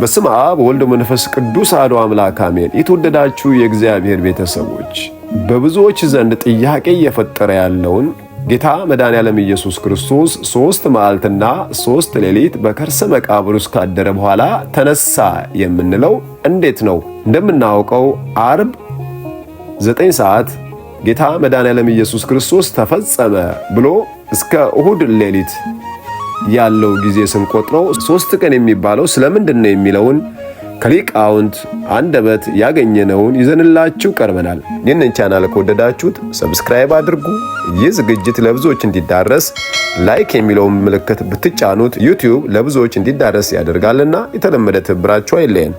በስም አብ ወልድ መንፈስ ቅዱስ አሐዱ አምላክ አሜን። የተወደዳችሁ የእግዚአብሔር ቤተሰቦች በብዙዎች ዘንድ ጥያቄ እየፈጠረ ያለውን ጌታ መድኃኔዓለም ኢየሱስ ክርስቶስ ሶስት መዓልትና ሶስት ሌሊት በከርሰ መቃብር ውስጥ ካደረ በኋላ ተነሳ የምንለው እንዴት ነው? እንደምናውቀው አርብ ዘጠኝ ሰዓት ጌታ መድኃኔዓለም ኢየሱስ ክርስቶስ ተፈጸመ ብሎ እስከ እሁድ ሌሊት ያለው ጊዜ ስንቆጥረው ሶስት ቀን የሚባለው ስለምንድን ነው የሚለውን ከሊቃውንት አንደበት ያገኘነውን ይዘንላችሁ ቀርበናል። ይህንን ቻናል ከወደዳችሁት ሰብስክራይብ አድርጉ። ይህ ዝግጅት ለብዙዎች እንዲዳረስ ላይክ የሚለውን ምልክት ብትጫኑት ዩቲዩብ ለብዙዎች እንዲዳረስ ያደርጋልና የተለመደ ትብብራችሁ አይለየን።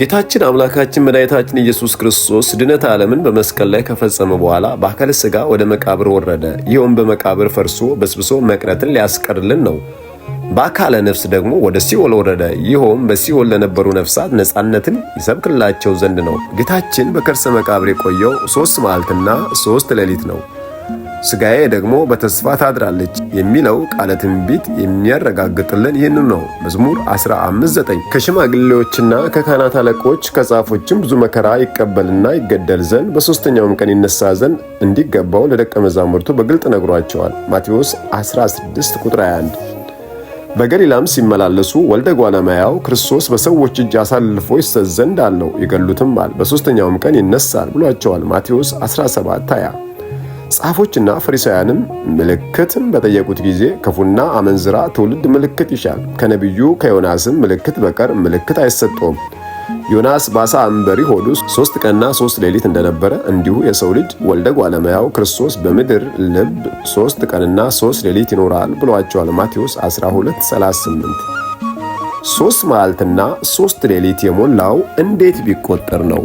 ጌታችን አምላካችን መድኃኒታችን ኢየሱስ ክርስቶስ ድነት ዓለምን በመስቀል ላይ ከፈጸመ በኋላ በአካለ ሥጋ ወደ መቃብር ወረደ። ይኸውም በመቃብር ፈርሶ በስብሶ መቅረትን ሊያስቀርልን ነው። በአካለ ነፍስ ደግሞ ወደ ሲኦል ወረደ። ይኸውም በሲኦል ለነበሩ ነፍሳት ነፃነትን ይሰብክላቸው ዘንድ ነው። ጌታችን በከርሰ መቃብር የቆየው ሦስት መዓልትና ሦስት ሌሊት ነው። ስጋዬ ደግሞ በተስፋ ታድራለች የሚለው ቃለ ትንቢት የሚያረጋግጥልን ይህንን ነው። መዝሙር 159 ከሽማግሌዎችና ከካህናት አለቆች ከጻፎችም ብዙ መከራ ይቀበልና ይገደል ዘንድ በሦስተኛውም ቀን ይነሳ ዘንድ እንዲገባው ለደቀ መዛሙርቱ በግልጥ ነግሯቸዋል። ማቴዎስ 16 ቁጥር 21 በገሊላም ሲመላለሱ ወልደ ጓለማያው ክርስቶስ በሰዎች እጅ አሳልፎ ይሰጥ ዘንድ አለው ይገሉትማል፣ በሦስተኛውም ቀን ይነሳል ብሏቸዋል። ማቴዎስ 17 20 ጻፎችና ፈሪሳውያንም ምልክትን በጠየቁት ጊዜ ክፉና አመንዝራ ትውልድ ምልክት ይሻል፣ ከነቢዩ ከዮናስም ምልክት በቀር ምልክት አይሰጠውም። ዮናስ በአሳ አንበሪ ሆድ ውስጥ ሶስት ቀንና ሶስት ሌሊት እንደነበረ እንዲሁ የሰው ልጅ ወልደ ጓለመያው ክርስቶስ በምድር ልብ ሶስት ቀንና ሶስት ሌሊት ይኖራል ብሏቸዋል። ማቴዎስ 12:38 ሶስት መዓልትና ሶስት ሌሊት የሞላው እንዴት ቢቆጠር ነው?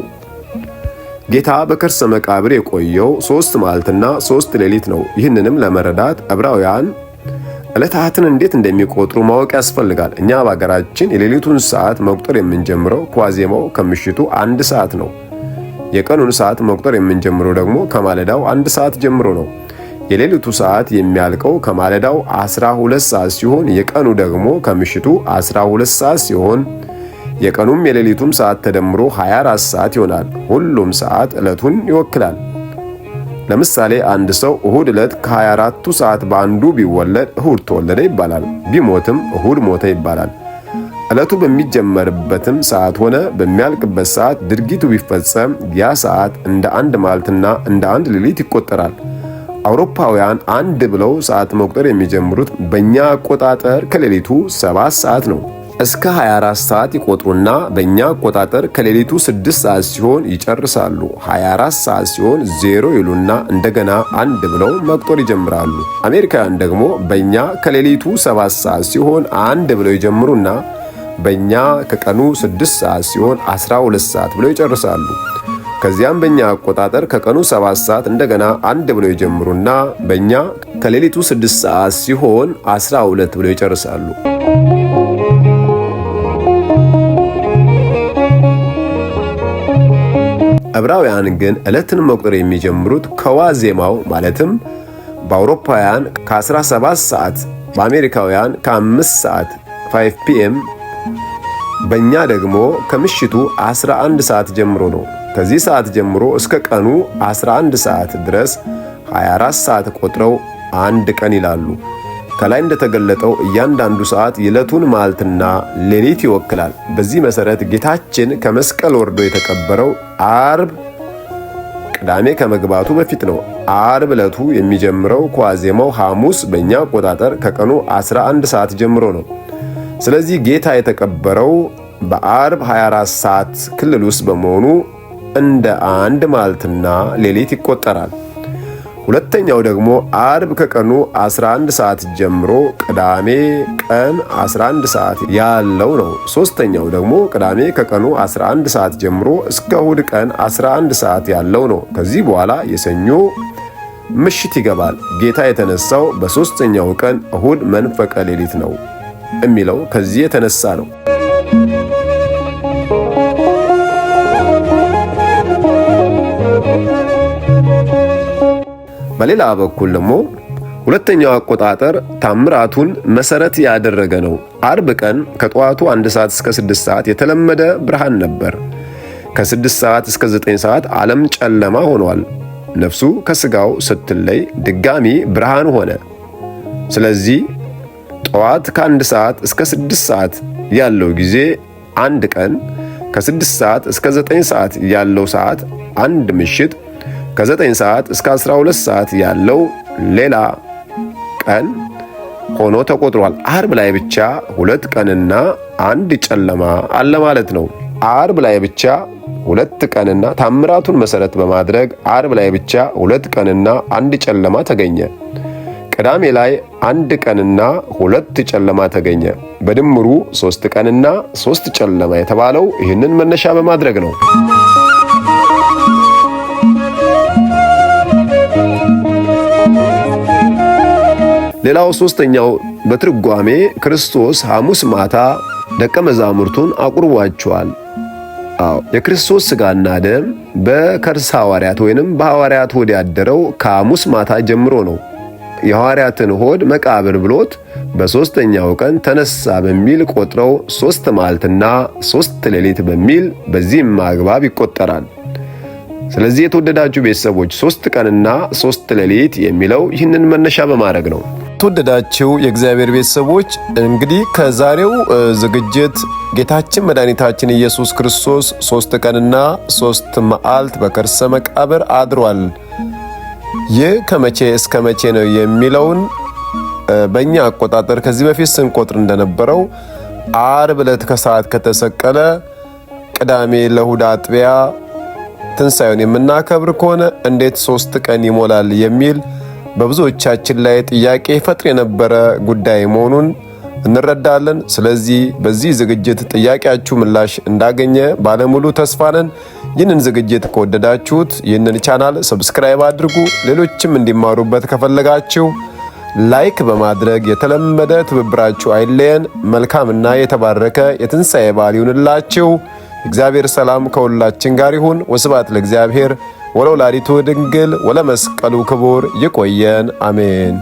ጌታ በከርሰ መቃብር የቆየው ሦስት መዓልትና ሦስት ሌሊት ነው። ይህንንም ለመረዳት ዕብራውያን ዕለታትን እንዴት እንደሚቆጥሩ ማወቅ ያስፈልጋል። እኛ በሀገራችን የሌሊቱን ሰዓት መቁጠር የምንጀምረው ከዋዜማው ከምሽቱ አንድ ሰዓት ነው። የቀኑን ሰዓት መቁጠር የምንጀምረው ደግሞ ከማለዳው አንድ ሰዓት ጀምሮ ነው። የሌሊቱ ሰዓት የሚያልቀው ከማለዳው 12 ሰዓት ሲሆን የቀኑ ደግሞ ከምሽቱ 12 ሰዓት ሲሆን የቀኑም የሌሊቱም ሰዓት ተደምሮ 24 ሰዓት ይሆናል። ሁሉም ሰዓት ዕለቱን ይወክላል። ለምሳሌ አንድ ሰው እሁድ ዕለት ከ24ቱ ሰዓት በአንዱ ቢወለድ እሁድ ተወለደ ይባላል። ቢሞትም እሁድ ሞተ ይባላል። ዕለቱ በሚጀመርበትም ሰዓት ሆነ በሚያልቅበት ሰዓት ድርጊቱ ቢፈጸም ያ ሰዓት እንደ አንድ ማልትና እንደ አንድ ሌሊት ይቆጠራል። አውሮፓውያን አንድ ብለው ሰዓት መቁጠር የሚጀምሩት በእኛ አቆጣጠር ከሌሊቱ ሰባት ሰዓት ነው። እስከ 24 ሰዓት ይቆጥሩና በእኛ አቆጣጠር ከሌሊቱ 6 ሰዓት ሲሆን ይጨርሳሉ። 24 ሰዓት ሲሆን ዜሮ ይሉና እንደገና አንድ ብለው መቁጠር ይጀምራሉ። አሜሪካውያን ደግሞ በእኛ ከሌሊቱ 7 ሰዓት ሲሆን አንድ ብለው ይጀምሩና በእኛ ከቀኑ 6 ሰዓት ሲሆን 12 ሰዓት ብለው ይጨርሳሉ። ከዚያም በእኛ አቆጣጠር ከቀኑ 7 ሰዓት እንደገና አንድ ብለው ይጀምሩና በእኛ ከሌሊቱ 6 ሰዓት ሲሆን 12 ብለው ይጨርሳሉ። ዕብራውያን ግን ዕለትን መቁጠር የሚጀምሩት ከዋዜማው ማለትም በአውሮፓውያን ከ17 ሰዓት በአሜሪካውያን ከ5 ሰዓት 5 ፒኤም በእኛ ደግሞ ከምሽቱ 11 ሰዓት ጀምሮ ነው። ከዚህ ሰዓት ጀምሮ እስከ ቀኑ 11 ሰዓት ድረስ 24 ሰዓት ቆጥረው አንድ ቀን ይላሉ። ከላይ እንደተገለጠው እያንዳንዱ ሰዓት የዕለቱን መዓልትና ሌሊት ይወክላል። በዚህ መሠረት ጌታችን ከመስቀል ወርዶ የተቀበረው አርብ ቅዳሜ ከመግባቱ በፊት ነው። አርብ ዕለቱ የሚጀምረው ከዋዜማው ሐሙስ በእኛ አቆጣጠር ከቀኑ 11 ሰዓት ጀምሮ ነው። ስለዚህ ጌታ የተቀበረው በአርብ 24 ሰዓት ክልል ውስጥ በመሆኑ እንደ አንድ መዓልትና ሌሊት ይቆጠራል። ሁለተኛው ደግሞ አርብ ከቀኑ 11 ሰዓት ጀምሮ ቅዳሜ ቀን 11 ሰዓት ያለው ነው። ሶስተኛው ደግሞ ቅዳሜ ከቀኑ 11 ሰዓት ጀምሮ እስከ እሁድ ቀን 11 ሰዓት ያለው ነው። ከዚህ በኋላ የሰኞ ምሽት ይገባል። ጌታ የተነሳው በሦስተኛው ቀን እሁድ መንፈቀ ሌሊት ነው የሚለው ከዚህ የተነሳ ነው። በሌላ በኩል ደግሞ ሁለተኛው አቆጣጠር ታምራቱን መሰረት ያደረገ ነው። አርብ ቀን ከጠዋቱ 1 ሰዓት እስከ 6 ሰዓት የተለመደ ብርሃን ነበር። ከ6 ሰዓት እስከ 9 ሰዓት ዓለም ጨለማ ሆኗል። ነፍሱ ከስጋው ስትለይ ድጋሚ ብርሃን ሆነ። ስለዚህ ጠዋት ከአንድ ሰዓት እስከ 6 ሰዓት ያለው ጊዜ አንድ ቀን፣ ከ6 ሰዓት እስከ ዘ9 ሰዓት ያለው ሰዓት አንድ ምሽት፣ ከ9 ሰዓት እስከ 12 ሰዓት ያለው ሌላ ቀን ሆኖ ተቆጥሯል። አርብ ላይ ብቻ ሁለት ቀንና አንድ ጨለማ አለ ማለት ነው። አርብ ላይ ብቻ ሁለት ቀንና ታምራቱን መሰረት በማድረግ አርብ ላይ ብቻ ሁለት ቀንና አንድ ጨለማ ተገኘ። ቅዳሜ ላይ አንድ ቀንና ሁለት ጨለማ ተገኘ። በድምሩ ሶስት ቀንና ሶስት ጨለማ የተባለው ይህንን መነሻ በማድረግ ነው። ሌላው ሶስተኛው በትርጓሜ ክርስቶስ ሐሙስ ማታ ደቀ መዛሙርቱን አቁርቧቸዋል። አዎ የክርስቶስ ሥጋና ደም በከርሰ ሐዋርያት ወይንም በሐዋርያት ሆድ ያደረው ከሐሙስ ማታ ጀምሮ ነው። የሐዋርያትን ሆድ መቃብር ብሎት በሦስተኛው ቀን ተነሳ በሚል ቆጥረው ሦስት መዓልትና ሦስት ሌሊት በሚል በዚህም አግባብ ይቆጠራል። ስለዚህ የተወደዳችሁ ቤተሰቦች ሦስት ቀንና ሦስት ሌሊት የሚለው ይህንን መነሻ በማድረግ ነው። የተወደዳችሁ የእግዚአብሔር ቤተሰቦች እንግዲህ ከዛሬው ዝግጅት ጌታችን መድኃኒታችን ኢየሱስ ክርስቶስ ሶስት ቀንና ሶስት መዓልት በከርሰ መቃብር አድሯል። ይህ ከመቼ እስከ መቼ ነው የሚለውን በእኛ አቆጣጠር ከዚህ በፊት ስንቆጥር እንደነበረው አርብ ዕለት ከሰዓት ከተሰቀለ ቅዳሜ ለሁዳ አጥቢያ ትንሣኤውን የምናከብር ከሆነ እንዴት ሶስት ቀን ይሞላል የሚል በብዙዎቻችን ላይ ጥያቄ ይፈጥር የነበረ ጉዳይ መሆኑን እንረዳለን። ስለዚህ በዚህ ዝግጅት ጥያቄያችሁ ምላሽ እንዳገኘ ባለሙሉ ተስፋ ነን። ይህንን ዝግጅት ከወደዳችሁት ይህንን ቻናል ሰብስክራይብ አድርጉ። ሌሎችም እንዲማሩበት ከፈለጋችሁ ላይክ በማድረግ የተለመደ ትብብራችሁ አይለየን። መልካምና የተባረከ የትንሣኤ በዓል ይሁንላችሁ። እግዚአብሔር ሰላም ከሁላችን ጋር ይሁን። ወስብሐት ለእግዚአብሔር ወለወላዲቱ ድንግል ወለመስቀሉ ክቡር። ይቆየን። አሜን።